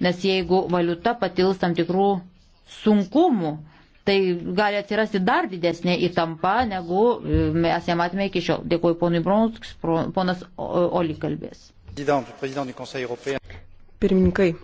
nes jeigu valiuta patils tam tikrų sunkumų, tai gali atsirasti dar didesnė įtampa, negu e, mes ją matėme iki šiol. Dėkuoju ponui Bronks, ponas Oli kalbės. Pirmininkai,